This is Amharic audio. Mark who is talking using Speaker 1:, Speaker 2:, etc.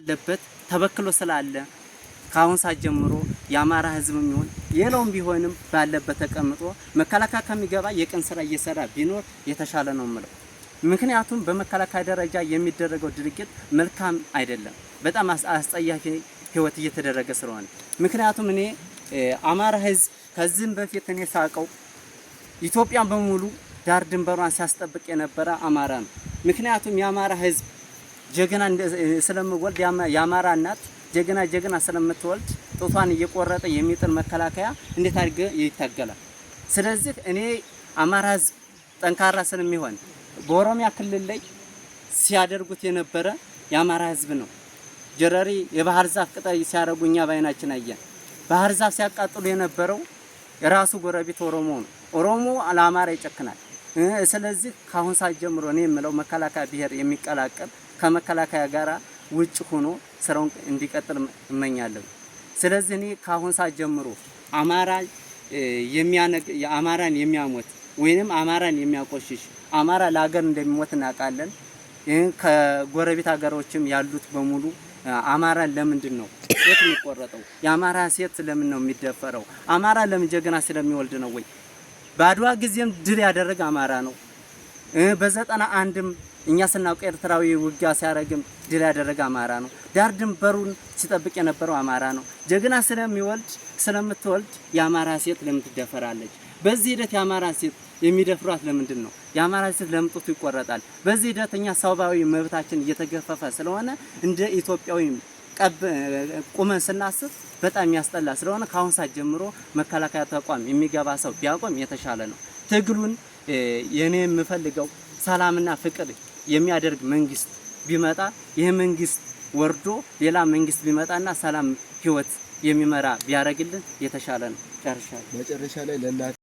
Speaker 1: አለበት ተበክሎ ስላለ ከአሁን ሰዓት ጀምሮ የአማራ ህዝብ የሚሆን የለውም ቢሆንም ባለበት ተቀምጦ መከላከያ ከሚገባ የቀን ስራ እየሰራ ቢኖር የተሻለ ነው የምለው። ምክንያቱም በመከላከያ ደረጃ የሚደረገው ድርጊት መልካም አይደለም፣ በጣም አስጸያፊ ህይወት እየተደረገ ስለሆነ ምክንያቱም እኔ አማራ ህዝብ ከዚህም በፊት እኔ ሳውቀው ኢትዮጵያን በሙሉ ዳር ድንበሯን ሲያስጠብቅ የነበረ አማራ ነው። ምክንያቱም የአማራ ህዝብ ጀግና ስለምወልድ የአማራ እናት ጀግና ጀግና ስለምትወልድ ጡቷን እየቆረጠ የሚጥል መከላከያ እንዴት አድርገ ይታገላል? ስለዚህ እኔ አማራ ህዝብ ጠንካራ ስለሚሆን በኦሮሚያ ክልል ላይ ሲያደርጉት የነበረ የአማራ ህዝብ ነው። ጀረሪ የባህር ዛፍ ቅጠል ሲያደርጉ እኛ በአይናችን አየን። ባህር ዛፍ ሲያቃጥሉ የነበረው የራሱ ጎረቤት ኦሮሞ ነው። ኦሮሞ ለአማራ ይጨክናል። ስለዚህ ከአሁን ሰዓት ጀምሮ እኔ የምለው መከላከያ ብሔር የሚቀላቀል ከመከላከያ ጋር ውጭ ሆኖ ስራውን እንዲቀጥል እመኛለሁ። ስለዚህ እኔ ከአሁን ሰዓት ጀምሮ አማራ የሚያነግ የአማራን የሚያሞት ወይንም አማራን የሚያቆሽሽ አማራ ለሀገር እንደሚሞት እናውቃለን። ይህን ከጎረቤት ሀገሮችም ያሉት በሙሉ አማራን ለምንድን ነው ሴት የሚቆረጠው? የአማራ ሴት ለምን ነው የሚደፈረው? አማራ ለምን ጀግና ስለሚወልድ ነው ወይ? በአድዋ ጊዜም ድል ያደረገ አማራ ነው። በዘጠና አንድም እኛ ስናውቅ ኤርትራዊ ውጊያ ሲያደርግም ድል ያደረገ አማራ ነው። ዳር ድንበሩን ሲጠብቅ የነበረው አማራ ነው። ጀግና ስለሚወልድ ስለምትወልድ የአማራ ሴት ለምን ትደፈራለች? በዚህ ሂደት የአማራ ሴት የሚደፍሯት ለምንድን ነው? የአማራ ሴት ለምጦቱ ይቆረጣል። በዚህ ሂደት እኛ ሰብአዊ መብታችን እየተገፈፈ ስለሆነ እንደ ኢትዮጵያዊ ቁመን ስናስብ በጣም የሚያስጠላ ስለሆነ ከአሁን ሰዓት ጀምሮ መከላከያ ተቋም የሚገባ ሰው ቢያቆም የተሻለ ነው። ትግሉን የኔ የምፈልገው ሰላምና ፍቅር የሚያደርግ መንግስት ቢመጣ ይህ መንግስት ወርዶ ሌላ መንግስት ቢመጣና ሰላም ህይወት የሚመራ ቢያደርግልን የተሻለ ነው። ጨርሻለሁ።
Speaker 2: መጨረሻ ላይ ለእናት